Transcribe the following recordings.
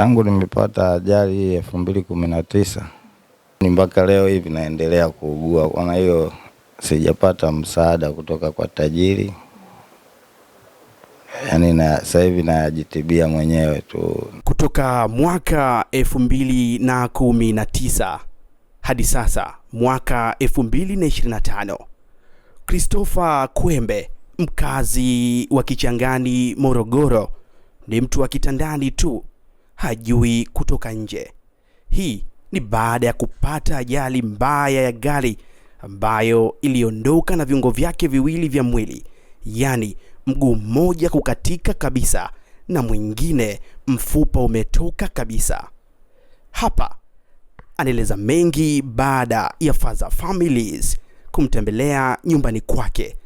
Tangu nimepata ajali elfu mbili kumi na tisa ni mpaka leo hivi naendelea kuugua, kwa hiyo sijapata msaada kutoka kwa tajiri. Yani na sasa hivi najitibia mwenyewe tu. Kutoka mwaka elfu mbili na kumi na tisa hadi sasa mwaka elfu mbili na ishirini na tano Christopher Kwembe mkazi wa Kichangani Morogoro ni mtu wa kitandani tu hajui kutoka nje. Hii ni baada ya kupata ajali mbaya ya gari ambayo iliondoka na viungo vyake viwili vya mwili, yaani mguu mmoja kukatika kabisa na mwingine mfupa umetoka kabisa. Hapa anaeleza mengi baada ya Father Families kumtembelea nyumbani kwake.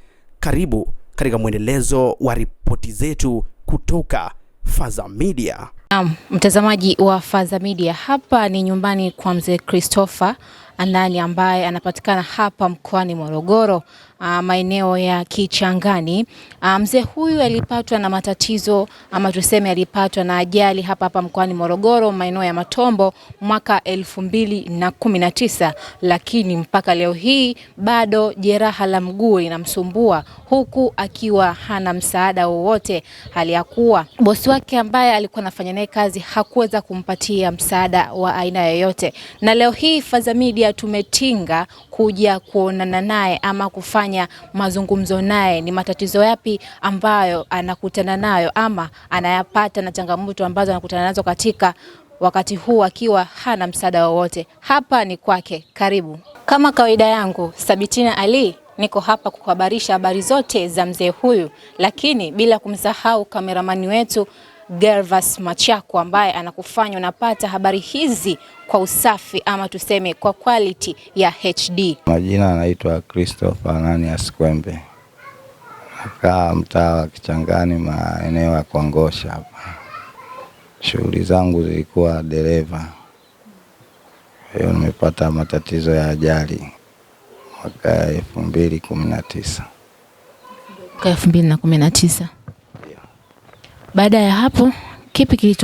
Karibu katika mwendelezo wa ripoti zetu kutoka Faza Media. Naam, mtazamaji wa Faza Media, hapa ni nyumbani kwa mzee Christopher Anani ambaye anapatikana hapa mkoani Morogoro, ah, maeneo ya Kichangani. Ah, mzee huyu alipatwa na matatizo ama tuseme alipatwa na ajali hapa hapa mkoani Morogoro, maeneo ya Matombo mwaka elfu mbili na kumi na tisa, lakini mpaka leo hii bado jeraha la mguu linamsumbua huku akiwa hana msaada wowote, hali ya kuwa bosi wake ambaye alikuwa anafanya naye kazi hakuweza kumpatia msaada wa aina yoyote, na leo hii Faza Media pia tumetinga kuja kuonana naye ama kufanya mazungumzo naye, ni matatizo yapi ambayo anakutana nayo ama anayapata na changamoto ambazo anakutana nazo katika wakati huu akiwa hana msaada wowote. Hapa ni kwake, karibu. Kama kawaida yangu, Sabitina Ali niko hapa kukuhabarisha habari zote za mzee huyu, lakini bila kumsahau kameramani wetu Gervas Machako ambaye anakufanya unapata habari hizi kwa usafi ama tuseme kwa quality ya HD. Majina anaitwa Christopher Ananias Kwembe, nakaa mtaa wa Kichangani, maeneo ya Kuangosha hapa. Shughuli zangu zilikuwa dereva, kwa hiyo nimepata matatizo ya ajali mwaka elfu mbili kumi na tisa mwaka elfu mbili na kumi na tisa baada ya hapo, kipi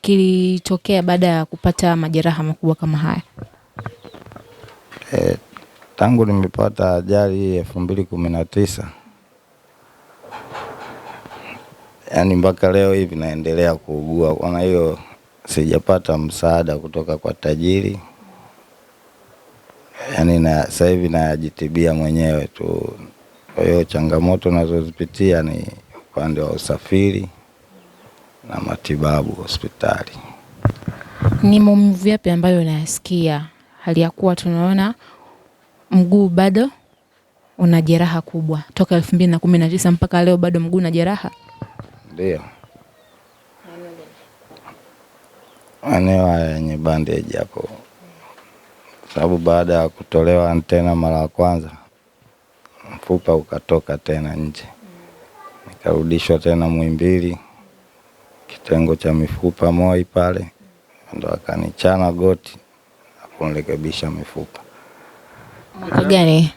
kilitokea baada ya kupata majeraha makubwa kama haya? Eh, tangu nimepata ajali elfu mbili kumi na tisa yaani mpaka leo hivi naendelea kuugua, kwa hiyo sijapata msaada kutoka kwa tajiri yaani na sasa hivi najitibia mwenyewe tu. Kwa hiyo changamoto nazozipitia ni upande wa usafiri na matibabu hospitali. Ni maumivu yapi ambayo unayasikia hali ya kuwa tunaona mguu bado una jeraha kubwa toka elfu mbili na kumi na tisa mpaka leo bado mguu na jeraha? Ndio, maeneo haya yenye bandage hapo, sababu baada ya kutolewa antena mara ya kwanza mfupa ukatoka tena nje, nikarudishwa tena Muhimbili kitengo cha mifupa MOI pale, ndo akanichana goti akunirekebisha mifupa. Mwaka gani?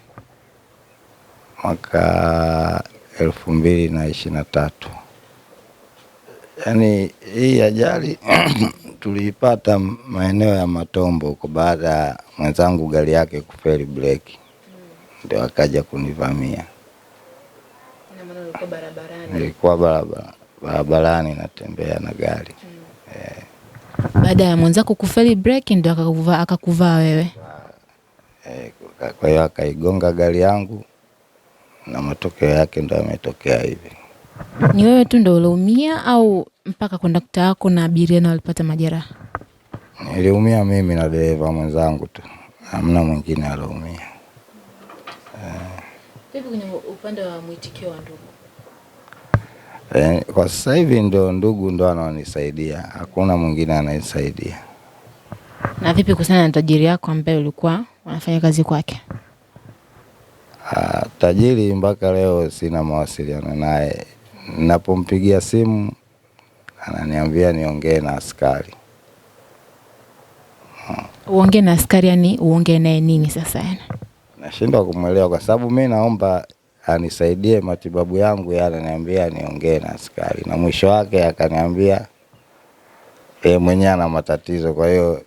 Mwaka elfu mbili na ishirini na tatu. Yaani hii ajali tuliipata maeneo ya Matombo huko, baada ya mwenzangu gari yake kufeli breki, ndio akaja kunivamia. Nilikuwa barabara barabarani natembea na gari mm. eh. Baada ya mwenzako kufeli breki ndo akakuvaa akakuvaa wewe eh? Kwa hiyo akaigonga gari yangu na matokeo yake ndo yametokea hivi. Ni wewe tu ndo uliumia au mpaka kondakta wako na abiria na walipata majeraha? Niliumia mimi na dereva mwenzangu tu, hamna mwingine aliumia. Vipi kwenye upande wa mwitikio wa ndugu? E, kwa sasa hivi ndo ndugu ndo anaonisaidia, hakuna mwingine anayesaidia. Na vipi kuhusiana na tajiri yako ambaye ulikuwa unafanya kazi kwake? Ah, tajiri mpaka leo sina mawasiliano naye. Ninapompigia simu ananiambia niongee na askari. Uongee na askari, yani uongee naye nini sasa? Yaani? Nashindwa kumwelewa kwa sababu mi naomba anisaidie matibabu yangu, yale, ananiambia niongee na askari, na mwisho wake akaniambia yeye mwenyewe ana matatizo, kwa hiyo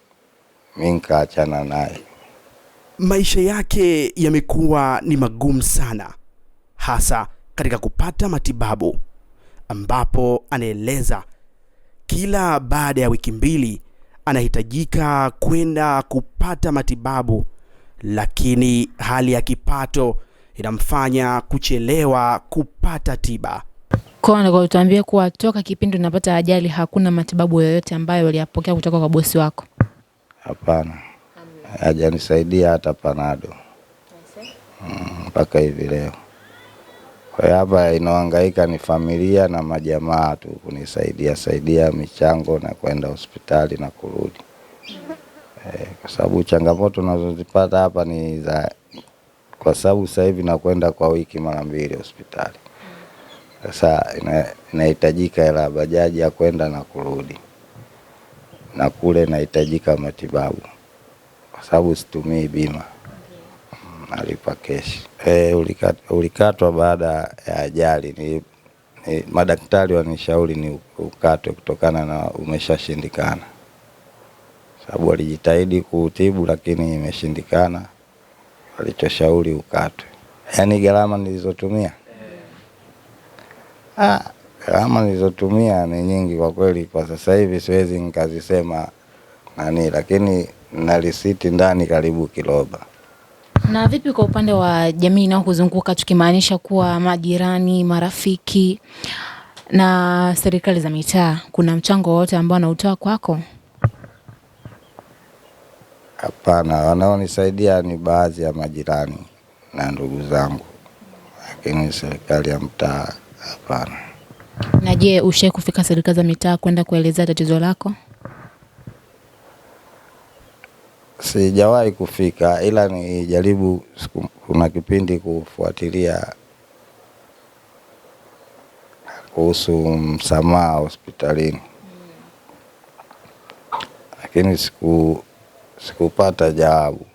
mi nikaachana naye. Maisha yake yamekuwa ni magumu sana, hasa katika kupata matibabu, ambapo anaeleza kila baada ya wiki mbili anahitajika kwenda kupata matibabu, lakini hali ya kipato inamfanya kuchelewa kupata tiba. tuambie kuwa toka kipindi unapata ajali hakuna matibabu yoyote ambayo waliyapokea kutoka kwa bosi wako? Hapana, hajanisaidia hata panado mm, mpaka mm, hivi leo. Kwa hiyo hapa inaohangaika ni familia na majamaa tu kunisaidia saidia michango na kwenda hospitali na kurudi, Eh, kwa sababu changamoto unazozipata hapa ni za kwa sababu sasa hivi nakwenda kwa wiki mara mbili hospitali. Sasa inahitajika ina hela ya bajaji ya kwenda na kurudi, na kule nahitajika matibabu kwa sababu situmii bima, nalipa keshi. E, eh, ulikatwa, ulikatwa baada ya ajali ni, ni, madaktari wanishauri ni ukatwe kutokana na umeshashindikana, sababu walijitahidi kuutibu lakini imeshindikana walichoshauri ukatwe, yaani gharama nilizotumia eh. ah, gharama nilizotumia ni nyingi kwa kweli. Kwa sasa hivi siwezi nikazisema nani, lakini na risiti ndani karibu kiloba Na vipi kwa upande wa jamii inayokuzunguka tukimaanisha kuwa majirani, marafiki na serikali za mitaa, kuna mchango wowote ambao anautoa kwako? Hapana, wanaonisaidia ni baadhi ya majirani na ndugu zangu, lakini serikali ya mtaa hapana. Na je, ushe kufika serikali za mitaa kwenda kuelezea tatizo lako? Sijawahi kufika, ila nijaribu, kuna kipindi kufuatilia kuhusu msamaha hospitalini, lakini siku sikupata jawabu,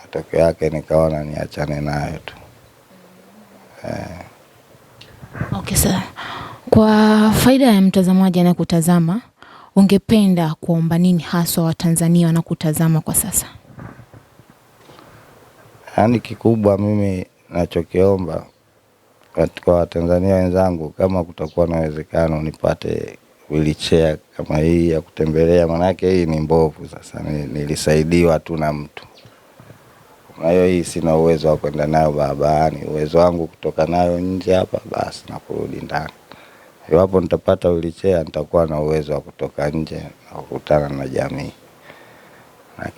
matokeo yake nikaona niachane nayo tu eh. Okay, sir. Kwa faida ya mtazamaji anakutazama, ungependa kuomba nini haswa Watanzania wanakutazama kwa sasa? Yaani kikubwa mimi nachokiomba kwa Watanzania wenzangu, kama kutakuwa na uwezekano nipate wheelchair kama hii ya kutembelea, manake hii ni mbovu. Sasa nilisaidiwa tu na mtu, kwa hiyo hii sina uwezo wa kwenda nayo barabarani. Uwezo wangu kutoka nayo nje hapa basi na kurudi ndani. Iwapo nitapata wilichea nitakuwa na uwezo wa kutoka nje na kukutana na jamii, na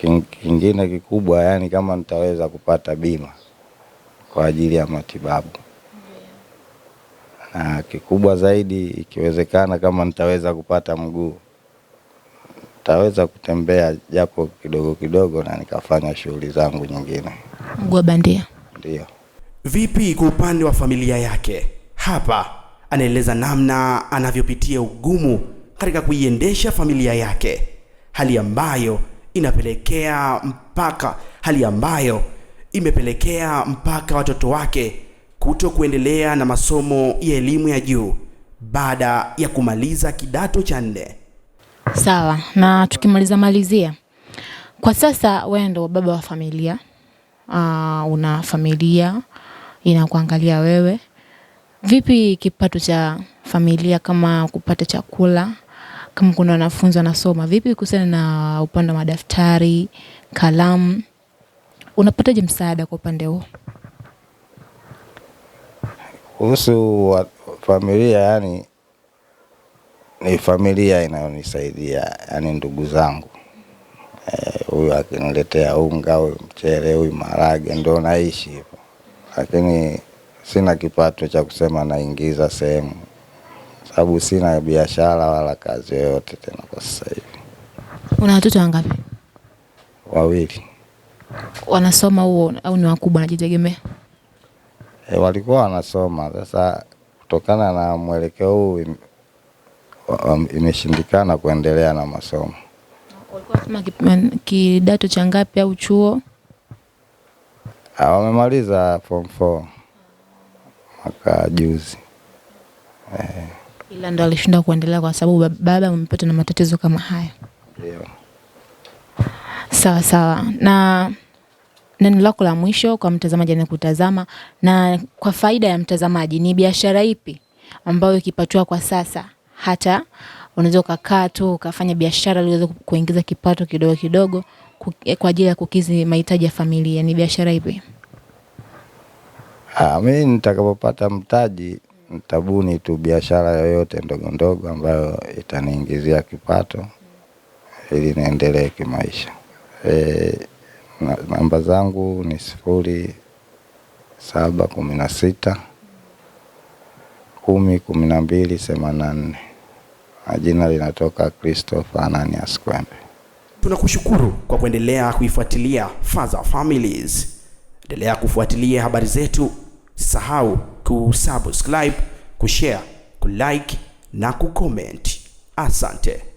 kingine kikubwa, yani kama nitaweza kupata bima kwa ajili ya matibabu na ah, kikubwa zaidi, ikiwezekana, kama nitaweza kupata mguu nitaweza kutembea japo kidogo kidogo, na nikafanya shughuli zangu nyingine. Mguu bandia ndio. Vipi kwa upande wa familia yake? Hapa anaeleza namna anavyopitia ugumu katika kuiendesha familia yake, hali ambayo inapelekea mpaka hali ambayo imepelekea mpaka watoto wake kuto kuendelea na masomo ya elimu ya juu baada ya kumaliza kidato cha nne. Sawa, na tukimaliza malizia, kwa sasa wewe ndo baba wa familia uh, una familia inakuangalia wewe. Vipi kipato cha familia, kama kupata chakula, kama kuna wanafunzi wanasoma, vipi kuhusiana na upande wa madaftari, kalamu, unapataje msaada kwa upande huo? Kuhusu familia yani ni familia inayonisaidia yani ndugu zangu eh, huyu akiniletea unga, huyu mchele, huyu maharage ndio naishi hivyo, lakini sina kipato cha kusema naingiza sehemu, sababu sina biashara wala kazi yoyote tena kwa sasa hivi. Una watoto wangapi? Wawili. Wanasoma huo au ni wakubwa, wanajitegemea? e, walikuwa wanasoma. Sasa kutokana na mwelekeo huu imeshindikana kuendelea na masomo. Walikuwa kidato cha ngapi au chuo? Ah, wamemaliza form 4 mwaka juzi eh. Ila ndo alishindwa kuendelea kwa sababu baba amepata na matatizo kama haya. Ndio. Sawa sawa na Neno lako la mwisho kwa mtazamaji anayekutazama na kwa faida ya mtazamaji, ni biashara ipi ambayo ikipatiwa kwa sasa hata unaweza ukakaa tu ukafanya biashara ili uweze kuingiza kipato kidogo kidogo eh, kwa ajili ya kukizi mahitaji ya familia, ni biashara ipi? Ah, nitakapopata mtaji nitabuni tu biashara yoyote ndogo ndogo ambayo itaniingizia kipato ili niendelee kimaisha e namba zangu ni sifuri saba kumi na sita kumi kumi na mbili themanini na nne. Jina linatoka Christopher Ananias Kwembe. Tunakushukuru kwa kuendelea kuifuatilia Faza Families. Endelea kufuatilia habari zetu, sahau kusubscribe, kushare, kulike na kucomment. Asante.